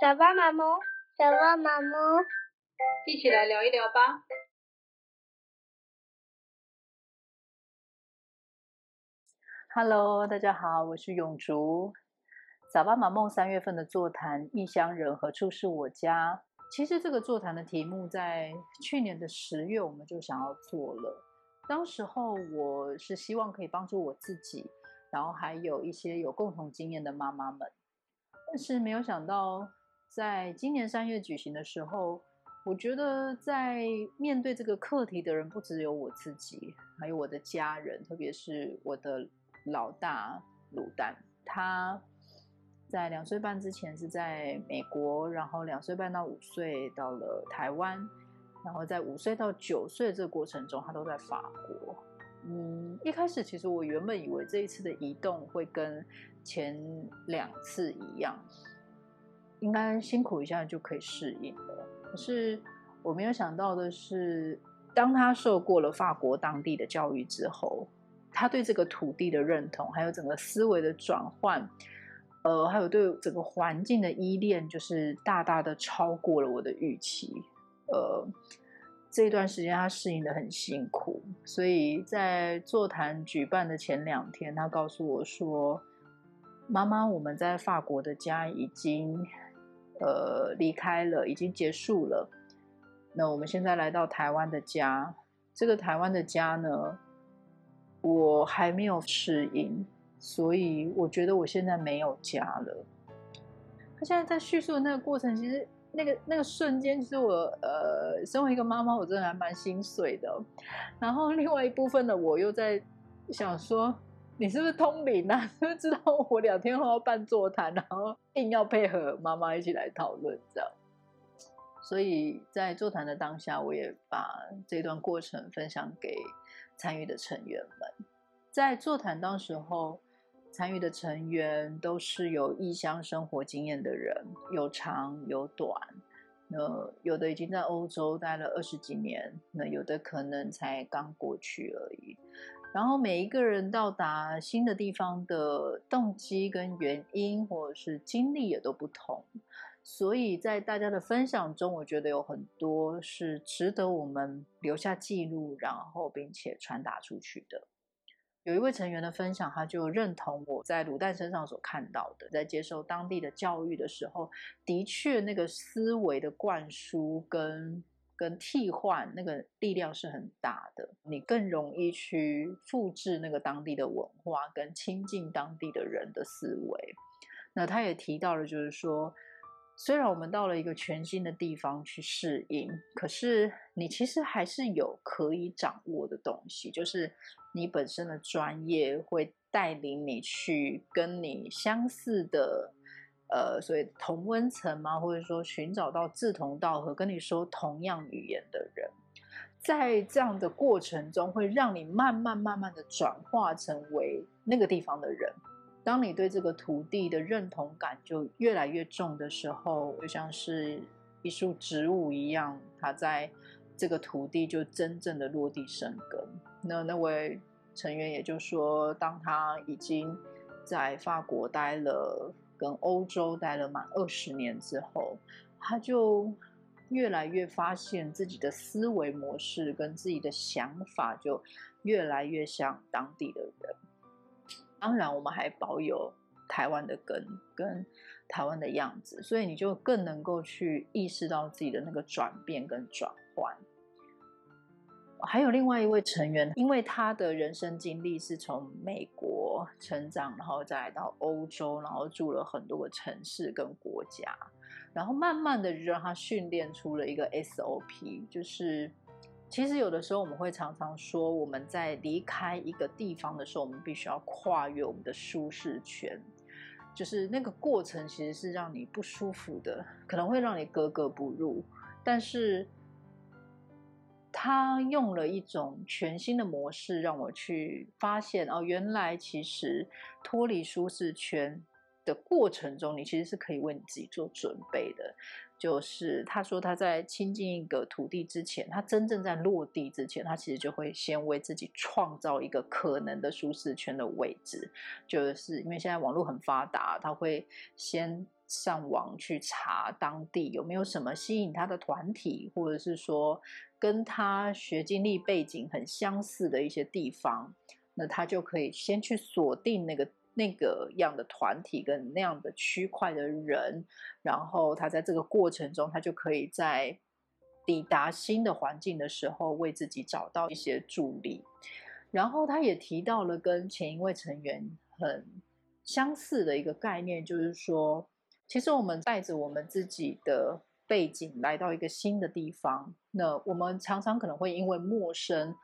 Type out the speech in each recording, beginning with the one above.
撒哇瑪矇，撒哇瑪矇，媽媽一起來聊一聊吧。Hello，大家好，我是永竹。撒哇瑪矇三月份的座談“異鄉人何處是我家”，其實這個座談的題目在去年的十月我們就想要做了。當時候我是希望可以幫助我自己，然後還有一些有共同經驗的媽媽們，但是沒有想到。在今年三月舉行的時候，我覺得在面對這個課題的人不只有我自己，還有我的家人，特別是我的老大魯丹。他在兩歲半之前是在美國，然後兩歲半到五歲到了台灣，然後在五歲到九歲這個過程中，他都在法國。嗯，一開始其實我原本以為這一次的移動會跟前兩次一樣。應該辛苦一下就可以適應的。可是我沒有想到的是，當他受過了法國當地的教育之後，他對這個土地的認同，還有整個思維的轉換，呃，還有對整個環境的依戀，就是大大的超過了我的預期。呃，這一段時間他適應得很辛苦，所以在座談舉辦的前兩天，他告訴我說：“媽媽，我們在法國的家已經。”呃，離開了，已經結束了。那我們現在來到台灣的家，這個台灣的家呢，我還沒有適應，所以我覺得我現在沒有家了。他現在在敘述的那個過程，其實那個那個瞬間，其實我呃，身為一個媽媽，我真的還蠻心碎的。然後另外一部分的我又在想說。你是不是通靈啊？是不是知道我兩天後要辦座談，然後硬要配合媽媽一起來討論這樣？所以在座談的當下，我也把這段過程分享給參與的成員們。在座談當時候，參與的成員都是有異鄉生活經驗的人，有長有短。那有的已經在歐洲待了二十幾年，那有的可能才剛過去而已。然後每一個人到達新的地方的動機跟原因，或者是經歷也都不同，所以在大家的分享中，我覺得有很多是值得我們留下記錄，然後並且傳達出去的。有一位成員的分享，他就認同我在滷蛋身上所看到的，在接受當地的教育的時候，的確那個思維的灌輸跟。跟替換那個力量是很大的，你更容易去複製那個當地的文化，跟親近當地的人的思維。那他也提到了，就是說，雖然我們到了一個全新的地方去適應，可是你其實還是有可以掌握的東西，就是你本身的專業會帶領你去跟你相似的。呃，所以同溫層嘛，或者說尋找到志同道合、跟你說同樣語言的人，在這樣的過程中，會讓你慢慢、慢慢的轉化成為那個地方的人。當你對這個土地的認同感就越來越重的時候，就像是一束植物一樣，它在這個土地就真正的落地生根。那那位成員也就說，當他已經在法國待了，跟歐洲待了滿二十年之後，他就越來越發現自己的思維模式跟自己的想法就越來越像當地的人。當然，我們還保有台灣的根跟、跟台灣的樣子，所以你就更能夠去意識到自己的那個轉變跟轉換。還有另外一位成員，因為他的人生經歷是從美國成長，然後再來到歐洲，然後住了很多個城市跟國家，然後慢慢的讓他訓練出了一個 SOP，就是其實有的時候我們會常常說，我們在離開一個地方的時候，我們必須要跨越我們的舒適圈，就是那個過程其實是讓你不舒服的，可能會讓你格格不入，但是。他用了一種全新的模式讓我去發現哦，原來其實脫離舒適圈的過程中，你其實是可以為你自己做準備的。就是他說他在親近一個土地之前，他真正在落地之前，他其實就會先為自己創造一個可能的舒適圈的位置。就是因為現在網絡很發達，他會先。上網去查當地有沒有什麼吸引他的團體，或者是說跟他學經歷背景很相似的一些地方，那他就可以先去鎖定那個那個樣的團體跟那樣的區塊的人，然後他在這個過程中，他就可以在抵達新的環境的時候，為自己找到一些助力。然後他也提到了跟前一位成員很相似的一個概念，就是說。其實我們帶着我們自己的背景來到一個新的地方，那我們常常可能會因為陌生，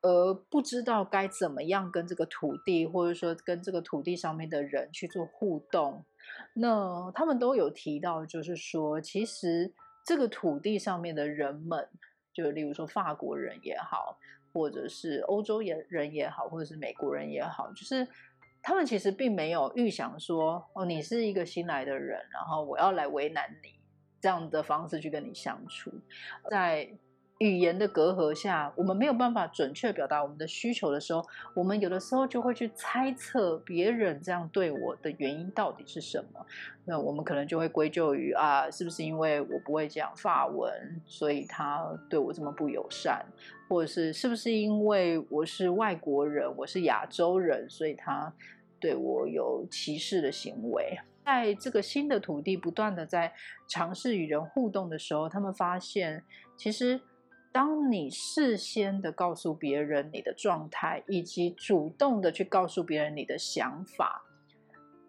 而不知道該怎麼樣跟這個土地，或者說跟這個土地上面的人去做互動。那他們都有提到，就是說，其實這個土地上面的人們，就例如說法國人也好，或者是歐洲人也好，或者是美國人也好，就是。他們其實並沒有預想說哦，你是一個新來的人，然後我要來為難你這樣的方式去跟你相處。在語言的隔閡下，我們沒有辦法準確表達我們的需求的時候，我們有的時候就會去猜測別人這樣對我的原因到底是什麼？那我們可能就會歸咎於啊，是不是因為我不會講法文，所以他對我這麼不友善，或者是是不是因為我是外國人，我是亞洲人，所以他。對我有歧視的行為，在這個新的土地不斷的在嘗試與人互動的時候，他們發現，其實當你事先的告訴別人你的狀態，以及主動的去告訴別人你的想法，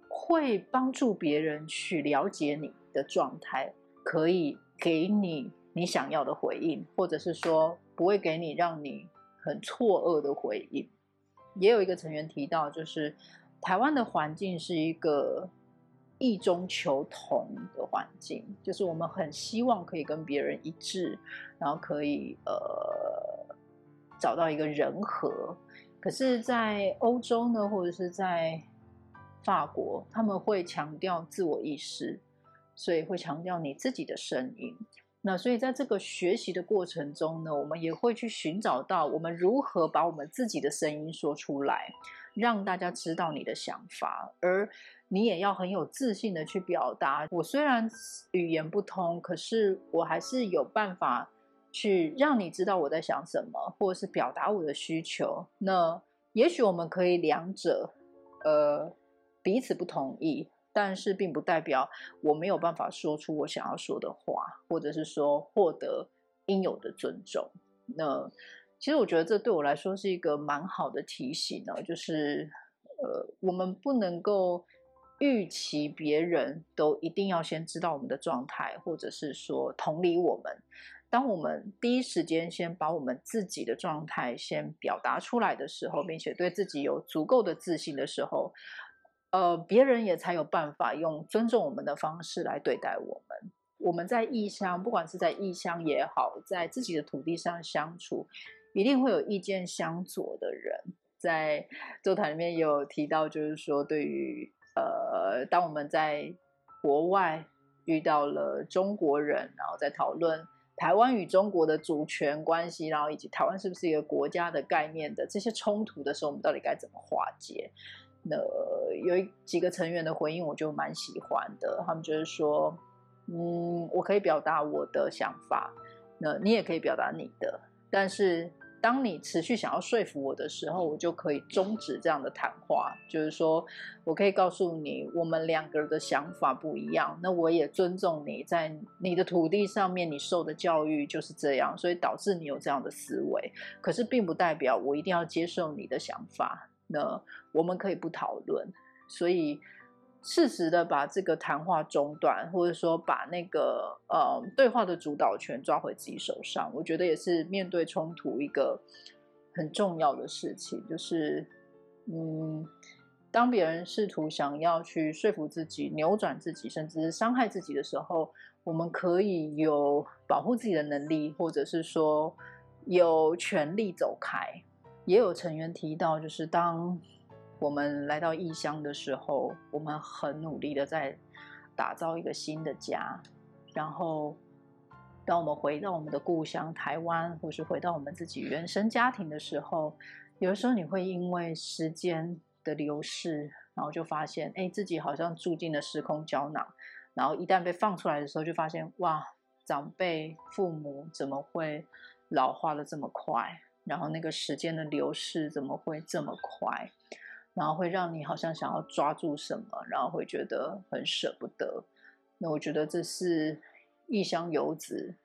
會幫助別人去了解你的狀態，可以給你你想要的回應，或者是說不會給你讓你很錯愕的回應。也有一個成員提到，就是。台灣的環境是一個異中求同的環境，就是我們很希望可以跟別人一致，然後可以呃找到一個人和。可是，在歐洲呢，或者是在法國，他們會強調自我意識，所以會強調你自己的聲音。那所以，在這個學習的過程中呢，我們也會去尋找到我們如何把我們自己的聲音說出來。讓大家知道你的想法，而你也要很有自信的去表達。我雖然語言不通，可是我還是有辦法去讓你知道我在想什麼，或者是表達我的需求。那也許我們可以兩者，呃，彼此不同意，但是並不代表我沒有辦法說出我想要說的話，或者是說獲得應有的尊重。那。其實我覺得這對我來說是一個蠻好的提醒呢，就是，呃，我們不能夠預期別人都一定要先知道我們的狀態，或者是說同理我們。當我們第一時間先把我們自己的狀態先表達出來的時候，並且對自己有足夠的自信的時候，呃，別人也才有辦法用尊重我們的方式來對待我們。我們在異鄉，不管是在異鄉也好，在自己的土地上相處，一定會有意見相左的人，在座談裡面有提到，就是說對於呃，當我們在國外遇到了中國人，然後在討論台灣與中國的主權關係，然後以及台灣是不是一個國家的概念的這些衝突的時候，我們到底該怎麼化解？那有幾個成員的回應，我就蠻喜歡的。他們就是說，嗯，我可以表達我的想法，那你也可以表達你的。但是，當你持續想要說服我的時候，我就可以終止這樣的談話。就是說，我可以告訴你，我們兩個人的想法不一樣。那我也尊重你在你的土地上面你受的教育就是這樣，所以導致你有這樣的思維。可是，並不代表我一定要接受你的想法。那我們可以不討論。所以。適時的把這個談話中斷，或者說把那個呃對話的主導權抓回自己手上，我覺得也是面對衝突一個很重要的事情。就是，嗯，當別人試圖想要去說服自己、扭轉自己，甚至是傷害自己的時候，我們可以有保護自己的能力，或者是說有權利走開。也有成員提到，就是當。我們來到異鄉的時候，我們很努力的在打造一個新的家，然後當我們回到我們的故鄉台灣，或是回到我們自己原生家庭的時候，有的時候你會因為時間的流逝，然後就發現，哎，自己好像住進了時空膠囊，然後一旦被放出來的時候，就發現哇，長輩、父母怎麼會老化的這麼快？然後那個時間的流逝怎麼會這麼快？然後會讓你好像想要抓住什麼，然後會覺得很捨不得。那我覺得這是異鄉游子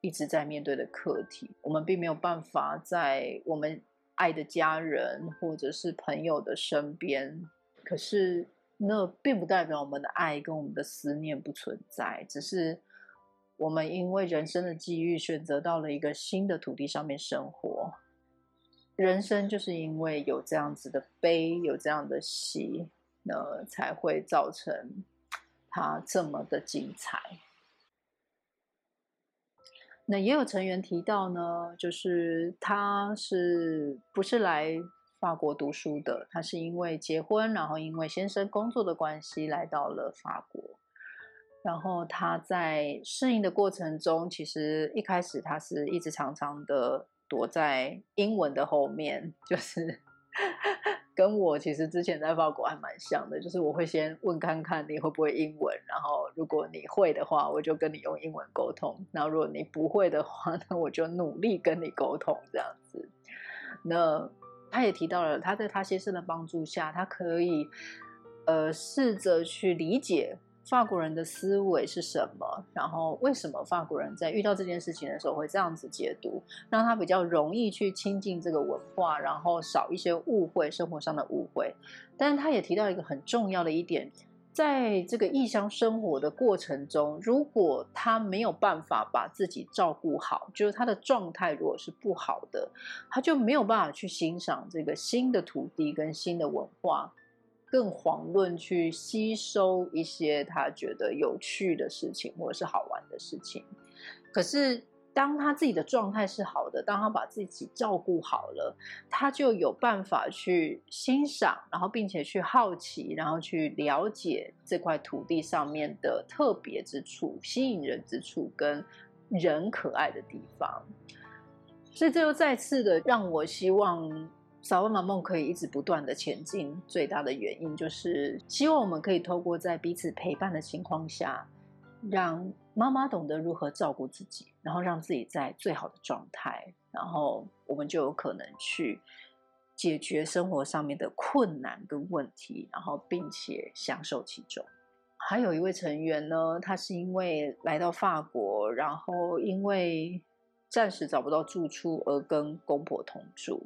一直在面對的課題。我們並沒有辦法在我們愛的家人或者是朋友的身邊，可是那並不代表我們的愛跟我們的思念不存在，只是我們因為人生的機遇，選擇到了一個新的土地上面生活。人生就是因為有這樣子的悲，有這樣子的喜，那才會造成他這麼的精彩。那也有成員提到呢，就是他是不是來法國讀書的？他是因為結婚，然後因為先生工作的關係來到了法國。然後他在適應的過程中，其實一開始他是一直常常的。躲在英文的後面，就是 跟我其實之前在法國還蠻像的，就是我會先問看看你會不會英文，然後如果你會的話，我就跟你用英文溝通，然後如果你不會的話，那我就努力跟你溝通這樣子。那他也提到了，他在他先生的幫助下，他可以呃試着去理解。法國人的思維是什麼？然後為什麼法國人在遇到這件事情的時候會這樣子解讀，讓他比較容易去親近這個文化，然後少一些誤會，生活上的誤會。但他也提到一個很重要的一點，在這個異鄉生活的過程中，如果他沒有辦法把自己照顧好，就是他的狀態如果是不好的，他就沒有辦法去欣賞這個新的土地跟新的文化。更遑論去吸收一些他覺得有趣的事情或者是好玩的事情，可是當他自己的狀態是好的，當他把自己照顧好了，他就有辦法去欣賞，然後並且去好奇，然後去了解這塊土地上面的特別之處、吸引人之處跟人可愛的地方。所以這又再次的讓我希望，撒哇瑪矇可以一直不斷的前進，最大的原因就是希望我們可以透過在彼此陪伴的情況下，讓媽媽懂得如何照顧自己，然後讓自己在最好的狀態，然後我們就有可能去解決生活上面的困難跟問題，然後並且享受其中。還有一位成員呢，他是因為來到法國，然後因為暫時找不到住處而跟公婆同住。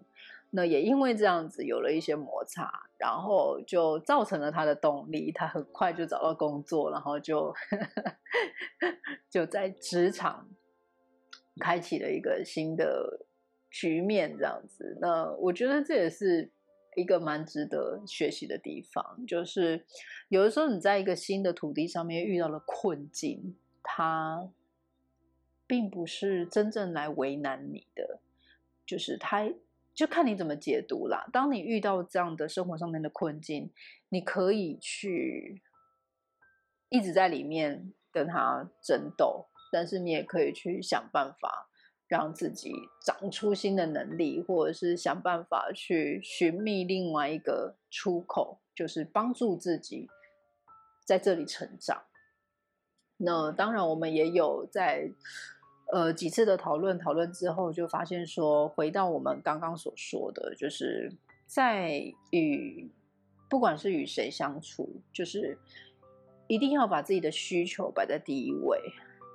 那也因為這樣子有了一些摩擦，然後就造成了他的動力，他很快就找到工作，然後就 就在職場開啟了一個新的局面，這樣子。那我覺得這也是一個蠻值得學習的地方，就是有的時候你在一個新的土地上面遇到了困境，他並不是真正來為難你的，就是他。就看你怎麼解讀啦。當你遇到這樣的生活上面的困境，你可以去一直在裡面跟他爭鬥，但是你也可以去想辦法讓自己長出新的能力，或者是想辦法去尋覓另外一個出口，就是幫助自己在這裡成長。那當然，我們也有在。呃，幾次的討論，討論之後就發現說，回到我們剛剛所說的，就是在與不管是與誰相處，就是一定要把自己的需求擺在第一位。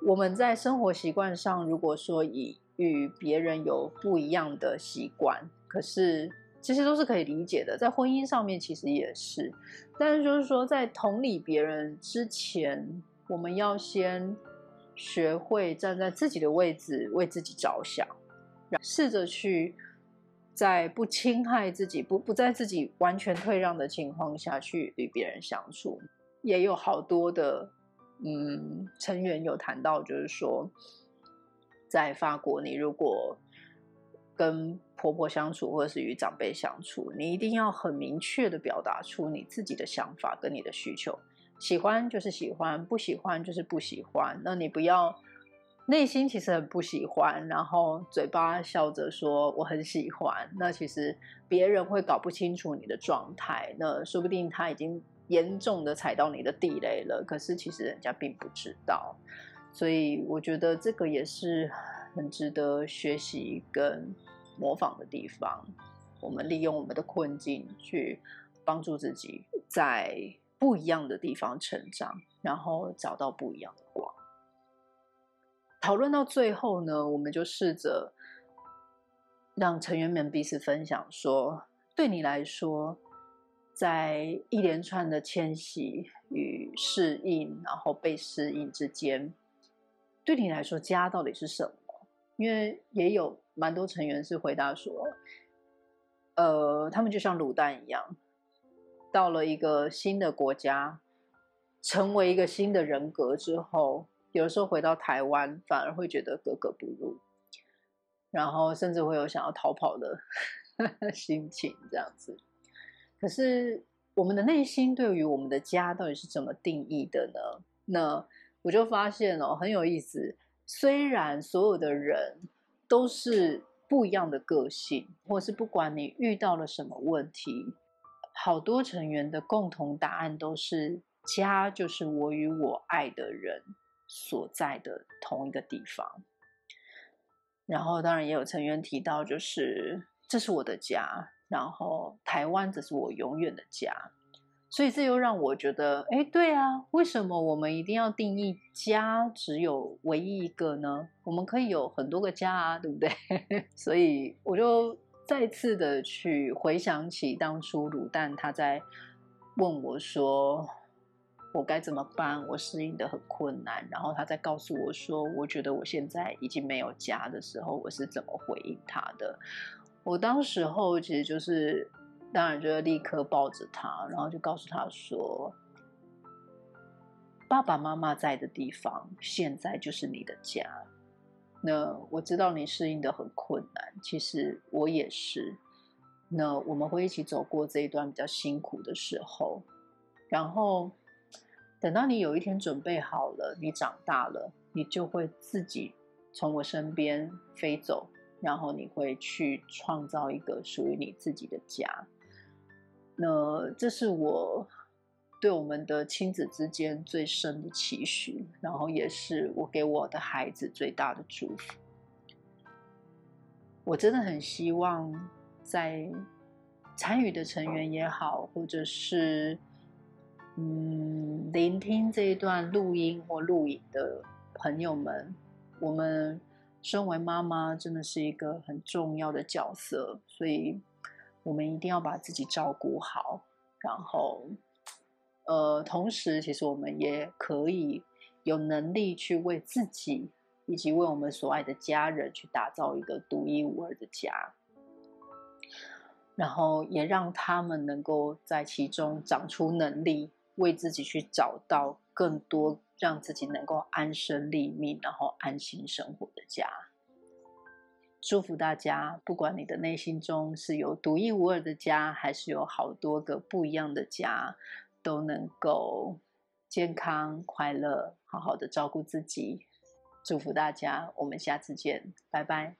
我們在生活習慣上，如果說以與別人有不一樣的習慣，可是其實都是可以理解的，在婚姻上面其實也是，但是就是說在同理別人之前，我們要先學會站在自己的位置為自己着想試着去在不侵害自己、不不在自己完全退讓的情況下去與別人相處。也有好多的嗯成員有談到，就是說，在法國，你如果跟婆婆相處或者是與長輩相處，你一定要很明確地表達出你自己的想法跟你的需求。喜歡就是喜歡，不喜歡就是不喜歡。那你不要內心其實很不喜歡，然後嘴巴笑着說我很喜歡。那其實別人會搞不清楚你的狀態。那說不定他已經嚴重的踩到你的地雷了，可是其實人家並不知道。所以我覺得這個也是很值得學習跟模仿的地方。我們利用我們的困境去幫助自己，在不一樣的地方成長，然後找到不一樣的光。討論到最後呢，我們就試着讓成員們彼此分享，說：“對你來說，在一連串的遷徙與適應，然後被適應之間，對你來說，家到底是什麼？”因為也有蠻多成員是回答說：“呃，他們就像滷蛋一樣。”到了一個新的國家，成為一個新的人格之後，有的時候回到台灣反而會覺得格格不入，然後甚至會有想要逃跑的呵呵心情，這樣子。可是我們的內心對於我們的家到底是怎麼定義的呢？那我就發現哦，很有意思。雖然所有的人都是不一樣的個性，或是不管你遇到了什麼問題。好多成員的共同答案都是家，就是我與我愛的人所在的同一個地方。然後，當然也有成員提到，就是這是我的家，然後台灣這是我永遠的家。所以，這又讓我覺得，哎，對啊，為什麼我們一定要定義家只有唯一一個呢？我們可以有很多個家啊，對不對？ 所以，我就。再次的去回想起當初滷蛋他在問我說我該怎麼辦，我適應的很困難，然後他在告訴我說我覺得我現在已經沒有家的時候，我是怎麼回應他的？我當時候其實就是當然就要立刻抱着他，然後就告訴他說爸爸媽媽在的地方，現在就是你的家。那我知道你適應的很困難，其實我也是。那我們會一起走過這一段比較辛苦的時候，然後等到你有一天準備好了，你長大了，你就會自己從我身邊飛走，然後你會去創造一個屬於你自己的家。那這是我。對我們的親子之間最深的期許，然後也是我給我的孩子最大的祝福。我真的很希望，在參與的成員也好，或者是嗯聆聽這一段錄音或錄影的朋友們，我們身為媽媽真的是一個很重要的角色，所以我們一定要把自己照顧好，然後。呃，同時，其實我們也可以有能力去為自己，以及為我們所愛的家人，去打造一個獨一無二的家，然後也讓他們能夠在其中長出能力，為自己去找到更多讓自己能夠安身立命，然後安心生活的家。祝福大家，不管你的內心中是有獨一無二的家，還是有好多個不一樣的家。都能夠健康快樂，好好的照顧自己。祝福大家，我們下次見，拜拜。